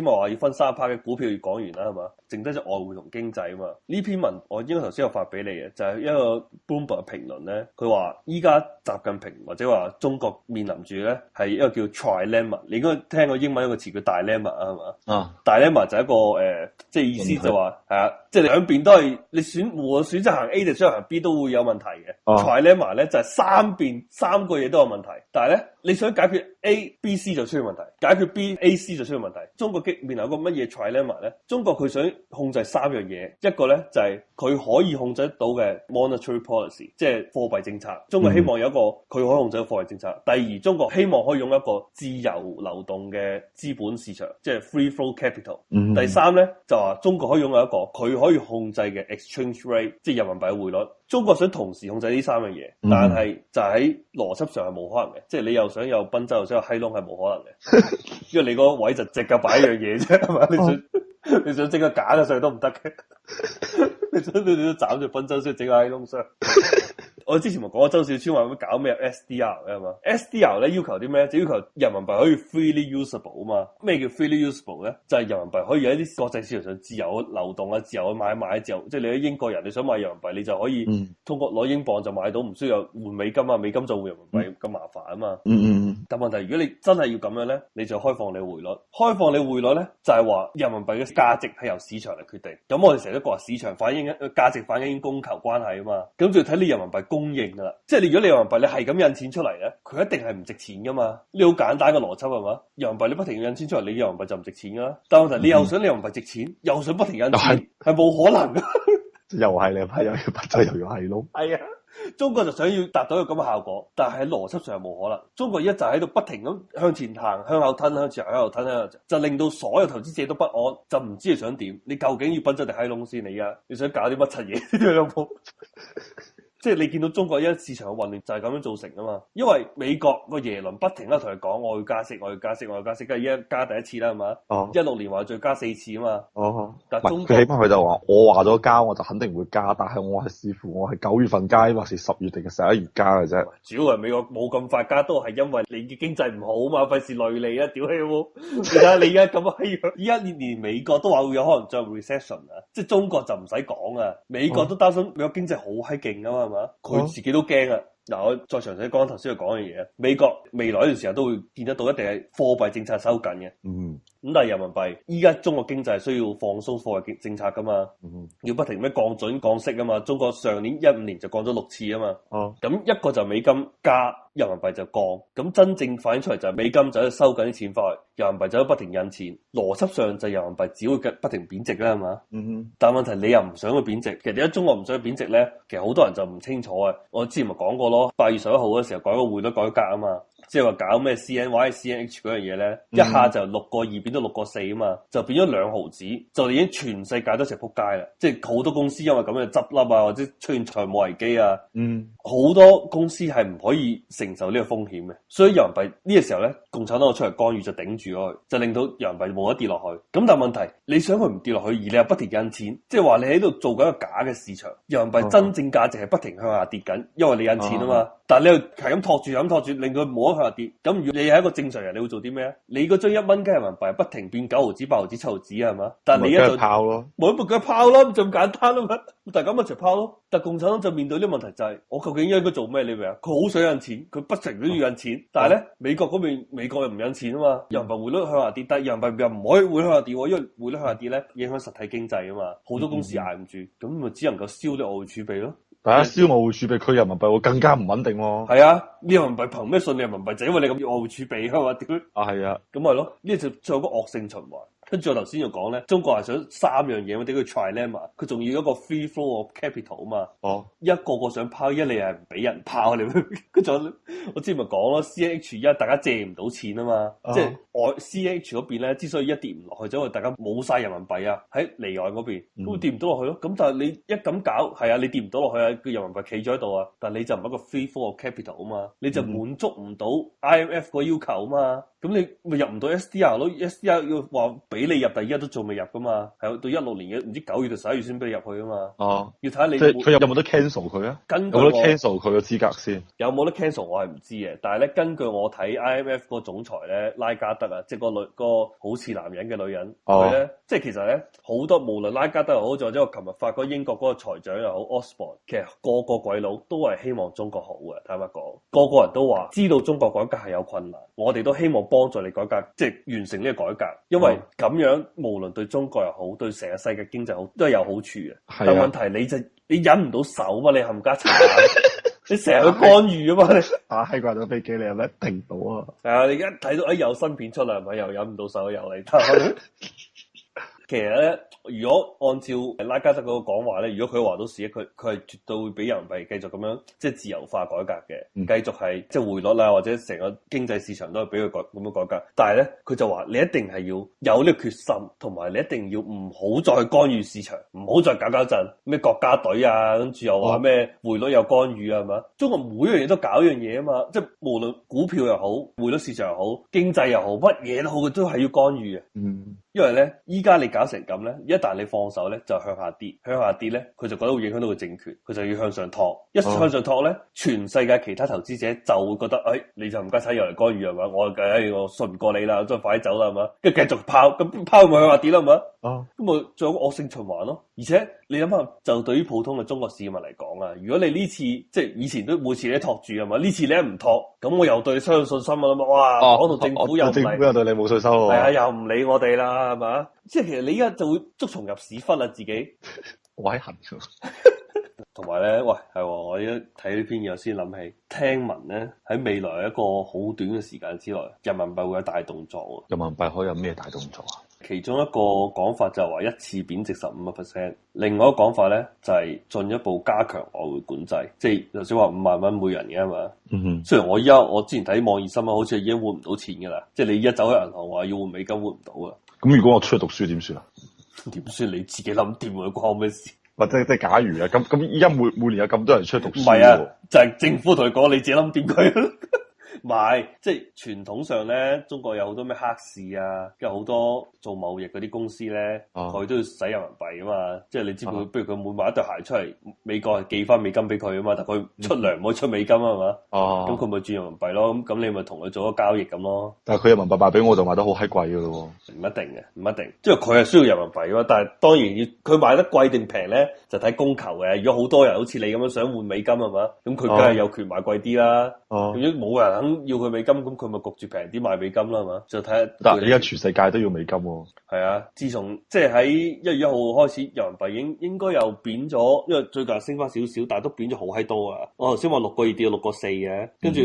希望話要分三 part 嘅股票要講完啦，係嘛？剩低就外匯同經濟啊嘛。呢篇文我應該頭先有發俾你嘅，就係、是、一個 Bloomberg 嘅評論咧。佢話依家習近平或者話中國面臨住咧係一個叫 trilemma。你應該聽過英文一個詞叫 dilemma 啊嘛。啊，dilemma 就一個誒，即、呃、係、就是、意思就話係題啊，即、就、係、是、兩邊都係你選，無論選擇行 A 定選擇行 B 都會有問題嘅。啊、trilemma 咧就係、是、三邊三個嘢都有問題，但係咧你想解決 A、B、C 就出現問題，解決 B, b、A、C 就出現問題。中國面臨一個乜嘢 trilemma 咧？中國佢想控制三樣嘢，一個咧就係、是、佢可以控制得到嘅 monetary policy，即係貨幣政策。中國希望有一個佢可以控制到貨幣政策。第二，中國希望可以擁有一個自由流動嘅資本市場，即係 free flow capital。第三咧就話中國可以擁有一個佢可以控制嘅 exchange rate，即係人民幣嘅匯率。中國想同時控制呢三樣嘢，但係就喺邏輯上係冇可能嘅。即係你又想有賓州，又想有閪窿，係冇可能嘅。 因為你個位就只夠擺一樣嘢啫，係嘛？你想 你想整架假嘅上去都唔得嘅。 你想你都斬住賓州先整架閪窿上。我之前咪講過周小川話會搞咩 SDR 啊嘛？SDR 咧要求啲咩？就是、要求人民幣可以 freely usable 啊嘛？咩叫 freely usable 咧？就係、是、人民幣可以喺啲國際市場上自由流動啊，自由去買賣之後，即係、就是、你係英國人你想買人民幣，你就可以通過攞英鎊就買到，唔需要換美金啊，美金就換人民幣咁麻煩啊嘛。嗯嗯嗯。但問題如果你真係要咁樣咧，你就開放你匯率，開放你匯率咧就係、是、話人民幣嘅價值係由市場嚟決定。咁我哋成日都講市場反映嘅價值反映供求關係啊嘛。咁就要睇你人民幣供應啦，即係你如果你人民幣你係咁印錢出嚟咧，佢一定係唔值錢噶嘛？你好簡單嘅邏輯係嘛？人民幣你不停要印錢出嚟，你人民幣就唔值錢噶啦。但係你又想你人民幣值錢，又想不停印錢，係冇是可能 又。又係你派又一派再又又係窿，係啊！中國就想要達到一個咁嘅效果，但係喺邏輯上係冇可能。中國一就喺度不停咁向前行，向後吞，向前向後吞，向後，吞向後，吞向後吞就令到所有投資者都不安，就唔知你想點。你究竟要品質定閪窿先？你啊？你想搞啲乜柒嘢即係你見到中國而家市場嘅混亂就係咁樣造成啊嘛，因為美國個耶倫不停啦，同佢講我要加息，我要加息，我要加息，梗係而家加第一次啦，係嘛？哦，一六年話再加四次啊嘛。哦、uh，huh. 但中佢起碼佢就話我話咗加，我就肯定會加，但係我係視乎我係九月份加，或是十月定嘅十一月加嘅啫。主要係美國冇咁快加，都係因為你嘅經濟唔好啊嘛，費事累你啊，屌你睇你而家咁閪樣，而家連美國都話會有可能再有 recession 啊，即係中國就唔使講啊，美國都擔心美國經濟好閪勁啊嘛。佢自己都驚啊！嗱，我再詳細講，頭先佢講嘅嘢啊，美國未來一段時間都會見得到一定係貨幣政策收緊嘅。嗯。咁但係人民幣，依家中國經濟需要放鬆貨幣政策噶嘛？要不停咩降準降息噶嘛？中國上年一五年就降咗六次啊嘛。哦，咁一個就美金加，人民幣就降。咁真正反映出嚟就係美金就喺收緊啲錢翻去，人民幣就喺不停印錢。邏輯上就係人民幣只會不停貶值啦，係嘛？嗯哼。但係問題，你又唔想去貶值？其實點解中國唔想去貶值咧，其實好多人就唔清楚嘅。我之前咪講過咯，八月十一號嗰時候改個匯率改革啊嘛。即係話搞咩 CNY、CNH 嗰樣嘢咧，嗯、一下就六個二變到六個四啊嘛，就變咗兩毫子，就已經全世界都成齊撲街啦！即係好多公司因為咁樣執笠啊，或者出現財務危機啊，嗯，好多公司係唔可以承受呢個風險嘅，所以人民幣呢、呢個時候咧，共產黨出嚟干預就頂住佢，就令到人民幣冇得跌落去。咁但係問題，你想佢唔跌落去，而你又不停印錢，即係話你喺度做緊一個假嘅市場，人民幣真正價值係不停向下跌緊，因為你印錢啊嘛。嗯嗯、但係你又係咁托住，係咁托住，令佢冇得。咁如果你係一個正常人，你會做啲咩啊？你嗰張一蚊雞人民幣不停變九毫子、八毫子、七毫子係嘛？但係你一做冇乜嘢，就拋咯，就咁簡單啊嘛！大家一齊拋咯。但共產黨就面對呢個問題就係、是，我究竟應該做咩？你明啊？佢好想印錢，佢不停都要印錢。印錢嗯、但係咧，美國嗰邊美國又唔印錢啊嘛，人民幣匯率向下跌得，人民幣又唔可以匯率向下跌，因為匯率向下跌咧影響實體經濟啊嘛，好多公司捱唔住，咁咪、嗯嗯、只能夠燒啲外儲備咯。大家，消外匯儲備，佢人民幣會更加唔穩定咯。係啊，你、啊、人民幣憑咩信你人民幣就是、因為你咁要外匯儲備啊嘛。呵呵啊，係啊，咁咪咯，呢就有一個惡性循環。跟住我頭先就講咧，中國係想三樣嘢，我哋叫 trilemma，佢仲要一個 free flow of capital 啊嘛。哦，一個個想拋，一你係唔俾人拋你。跟住我之前咪講咯，C H 一大家借唔到錢啊嘛，哦、即係外 C H 嗰邊咧，之所以一跌唔落去，因為大家冇晒人民幣啊，喺離岸嗰邊都會跌唔到落去咯。咁、嗯、但係你一咁搞，係啊，你跌唔到落去啊，個人民幣企咗喺度啊，但係你就唔係一個 free flow of capital 啊嘛，你就滿足唔到 IMF 個要、嗯、求啊嘛。嗯咁你咪入唔到 SDR 咯？SDR 要話俾你入第一都仲未入噶嘛？係到一六年嘅唔知九月到十一月先俾你入去啊嘛。哦，要睇下你佢有冇得 cancel 佢啊？有冇得 cancel 佢嘅資格先？有冇得 cancel 我係唔知嘅，但係咧根據我睇 IMF 個總裁咧拉加德啊，即係個女個好似男人嘅女人，佢咧、啊、即係其實咧好多無論拉加德又好，或者我琴日發覺英國嗰個財長又好，Osborne，其實個個鬼佬都係希望中國好嘅，坦白講，個個人都話知道中國改革係有困難，我哋都希望。幫助你改革，即係完成呢個改革，因為咁樣、oh. 無論對中國又好，對成個世界經濟好，都係有好處嘅。的但係問題你就你、你忍唔到手嘛？你冚家鏟， 你成日去干預啊嘛？你打閪掛到飛機，你有乜停到啊？係啊！你而家睇到哎，有新片出嚟，係咪又忍唔到手又嚟？ 其實咧，如果按照拉加德嗰個講話咧，如果佢話到事咧，佢佢係絕對會俾人民幣繼續咁樣即係、就是、自由化改革嘅，繼、嗯、續係即係匯率啦、啊，或者成個經濟市場都係俾佢改咁樣改革。但係咧，佢就話你一定係要有呢個決心，同埋你一定要唔好再干預市場，唔好再搞搞震咩國家隊啊，跟住又話咩匯率又干預啊，係嘛、哦？中國每一樣嘢都搞一樣嘢啊嘛，即係無論股票又好，匯率市場又好，經濟又好，乜嘢都好，佢都係要干預嘅。嗯。因為咧，依家你搞成咁咧，一旦你放手咧，就向下跌，向下跌咧，佢就覺得會影響到個政權，佢就要向上托，哦、一向上托咧，全世界其他投資者就會覺得，誒、哎，你就唔該使入嚟干預係嘛，我誒、哎、我信唔過你啦，再快啲走啦係嘛，跟住繼續拋，咁拋咪向下跌啦係嘛，咁咪最好個惡性循環咯。而且你諗下，就對於普通嘅中國市民嚟講啊，如果你呢次即係以前都每次你托住係嘛，呢次你一唔托。咁我又對你失信心啊嘛，哇！我同政府又唔理、啊啊啊、政府又對你冇信心。係啊、哎，又唔理我哋啦，係嘛？即係其實你而家就會捉蟲入屎窟啦，自己。 我喺行。同埋咧，喂，係我而家睇呢篇嘢，先諗起，聽聞咧喺未來一個好短嘅時間之內，人民幣會有大動作。人民幣可以有咩大動作啊？其中一個講法就係話一次貶值十五個 percent，另外一個講法咧就係進一步加強外匯管制，即係頭先話五萬蚊，每人嘅啊嘛，嗯哼。雖然我依家我之前睇啲網易新聞，好似已經換唔到錢噶啦，即係你依家走去銀行話要換美金換唔到啊。咁如果我出去讀書點算啊？點算你自己諗掂佢關我咩事？或者即係假如啊，咁咁依家每每年有咁多人出去讀書，唔係啊，就係、是、政府同佢講你自己諗掂佢。 買即係傳統上咧，中國有好多咩黑市啊，跟住好多做貿易嗰啲公司咧，佢、啊、都要使人民幣啊嘛。即係你知唔知？不、啊、如佢每買一對鞋出嚟，美國係寄翻美金俾佢啊嘛。但佢出糧唔可以出美金啊嘛。哦、嗯，咁佢咪轉人民幣咯。咁咁你咪同佢做咗交易咁咯。但係佢人民幣賣俾我就賣得好閪貴噶咯。唔一定嘅，唔一定。即係佢係需要人民幣嘛，但係當然要，佢賣得貴定平咧，就睇供求嘅。如果好多人好似你咁樣想換美金啊嘛，咁佢梗係有權賣貴啲啦。哦，如果冇人。等要佢美金，咁佢咪焗住平啲賣美金啦，係嘛？就睇下。但係而家全世界都要美金喎、哦。係啊，自從即係喺一月一號開始，有人民幣應應該又貶咗，因為最近升翻少少，但係都貶咗好閪多啊。我頭先話六個二跌到六個四嘅，跟住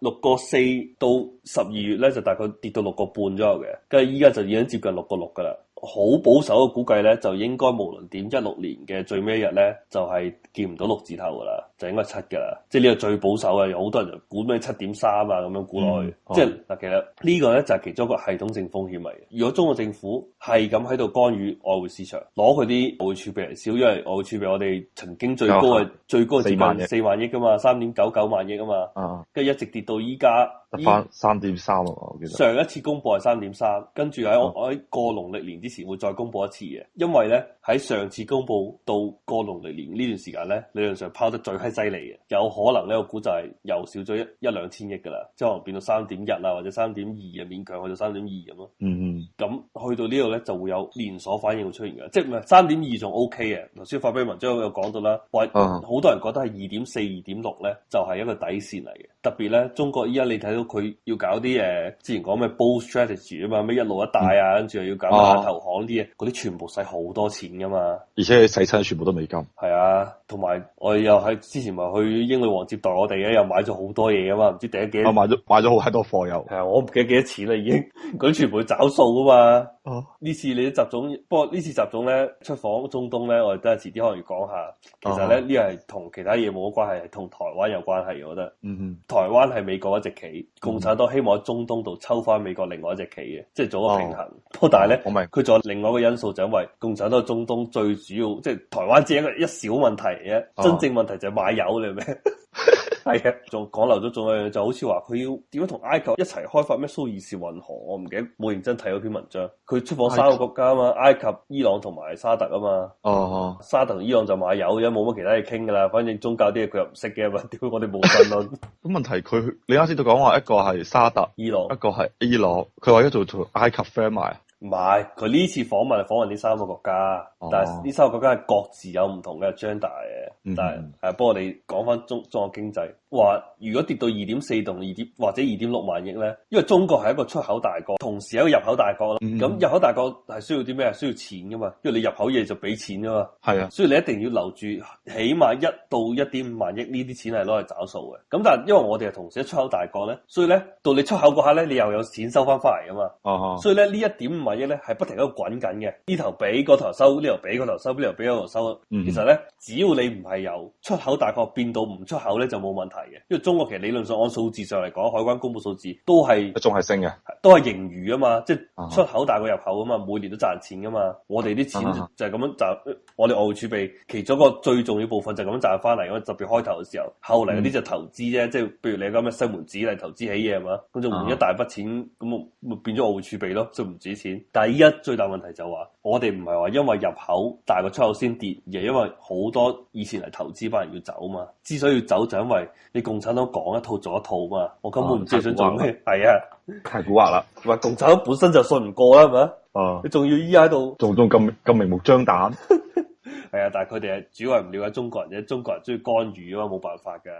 六個四到十二月咧就大概跌到六個半左右嘅，跟住依家就已經接近六個六噶啦。好保守嘅估計咧，就應該無論點一六年嘅最尾一日咧，就係、是、見唔到六字頭噶啦，就應該七噶啦。即係呢個最保守嘅，有好多人就估咩七點三啊咁樣估落去。嗯嗯、即係嗱，其實呢個咧就係其中一個系統性風險嚟嘅。如果中國政府係咁喺度干預外匯市場，攞佢啲外匯儲備嚟少，嗯、因為外匯儲備我哋曾經最高嘅、哦、最高嘅字四萬億噶嘛，三點九九萬億啊嘛，跟住、嗯嗯、一直跌到依家。翻三點三喎，我記得。上一次公布係三點三，跟住喺我喺過農曆年之前會再公布一次嘅，因為咧。喺上次公布到過龍嚟年呢段時間咧，理論上拋得最閪犀利嘅，有可能呢個股就係又少咗一一兩千億噶啦，即可能變到三點一啊或者三點二啊，勉強去到三點二咁咯。嗯嗯、mm，咁、hmm. 去到呢度咧就會有連鎖反應會出現嘅，即係唔係三點二仲 OK 嘅？頭先發俾文章又講到啦，喂，好多人覺得係二點四、二點六咧就係一個底線嚟嘅。特別咧，中國依家你睇到佢要搞啲嘢，之前講咩 bull strategy 啊嘛，咩一路一帶啊，mm hmm. 跟住又要搞亞投行啲嘢，嗰啲、mm hmm. 全部使好多錢。嘅嘛，而且洗親全部都美金，係啊，同埋我哋又喺之前咪去英女王接待我哋嘅，又買咗好多嘢啊嘛，唔知第一幾，我買咗買咗好多貨又，係啊，我唔記得幾多錢啦已經，佢 全部找數噶嘛，呢、啊、次你都習總，不過呢次習總咧出訪中東咧，我哋都係遲啲可以講下，其實咧呢係同、啊、其他嘢冇乜關係，係同台灣有關係，我覺得，嗯嗯哼，台灣係美國一隻棋，共產黨希望喺中東度抽翻美國另外一隻棋嘅，嗯、哼即係做個平衡，嗯、哼不過但係咧，佢仲、嗯、哼有另外一個因素就因為共產黨中。最主要即係台灣只一個一小問題嘅，哦、真正問題就係買油嚟咩？係嘅，仲講漏咗仲有一樣就好似話佢要點樣同埃及一齊開發咩蘇伊士運河，我唔記得冇認真睇嗰篇文章。佢出訪三個國家啊嘛，埃及、伊朗同埋沙特啊嘛哦。哦，沙特同伊朗就買油而，而冇乜其他嘢傾㗎啦。反正宗教啲嘢佢又唔識嘅嘛，點我哋冇分咯。咁 問題佢，你啱先都講話一個係沙特、伊朗，一個係伊朗，佢話而家做埃及 friend 埋？唔係。佢呢次訪問訪問呢三個國家。但係呢三個國家係各自有唔同嘅張大嘅，但係、嗯啊、不過你講翻中中國經濟，話如果跌到二點四，同二點或者二點六萬億咧，因為中國係一個出口大國，同時一個入口大國啦。咁、嗯、入口大國係需要啲咩？需要錢噶嘛，因為你入口嘢就俾錢噶嘛，係啊。所以你一定要留住起碼一到一點五萬億呢啲錢係攞嚟找數嘅。咁但係因為我哋係同時一出口大國咧，所以咧到你出口嗰下咧，你又有錢收翻翻嚟噶嘛。哦哦、所以咧呢一點五萬億咧係不停喺度滾緊嘅，呢頭俾嗰頭收呢俾個頭收，邊又俾個頭收。其實咧，只要你唔係由出口大國變到唔出口咧，就冇問題嘅。因為中國其實理論上按數字上嚟講，海關公布數字都係，仲係升嘅，都係盈餘啊嘛，即係出口大過入口啊嘛，uh huh. 每年都賺錢噶嘛。我哋啲錢就係咁樣賺，uh huh. 我哋外匯儲備其中一個最重要部分就係咁樣賺翻嚟。特別開頭嘅時候，後嚟嗰啲就投資啫，即係、uh huh. 比如你而家咩西門子嚟投資起嘢嘛，咁就換一大筆錢，咁咪變咗外匯儲備咯，就唔止錢。但係依家最大問題就係話。我哋唔係話因為入口大過出口先跌，而係因為好多以前嚟投資班人要走嘛。之所以要走就因為你共產黨講一套做一套嘛，我根本唔知你想做咩。係啊，太古惑啦！喂、啊、共產黨本身就信唔過啦，係咪啊？你仲要依家喺度，仲仲咁咁明目張膽。係 啊，但係佢哋係主要係唔了解中國人啫，中國人中意干預啊嘛，冇辦法噶。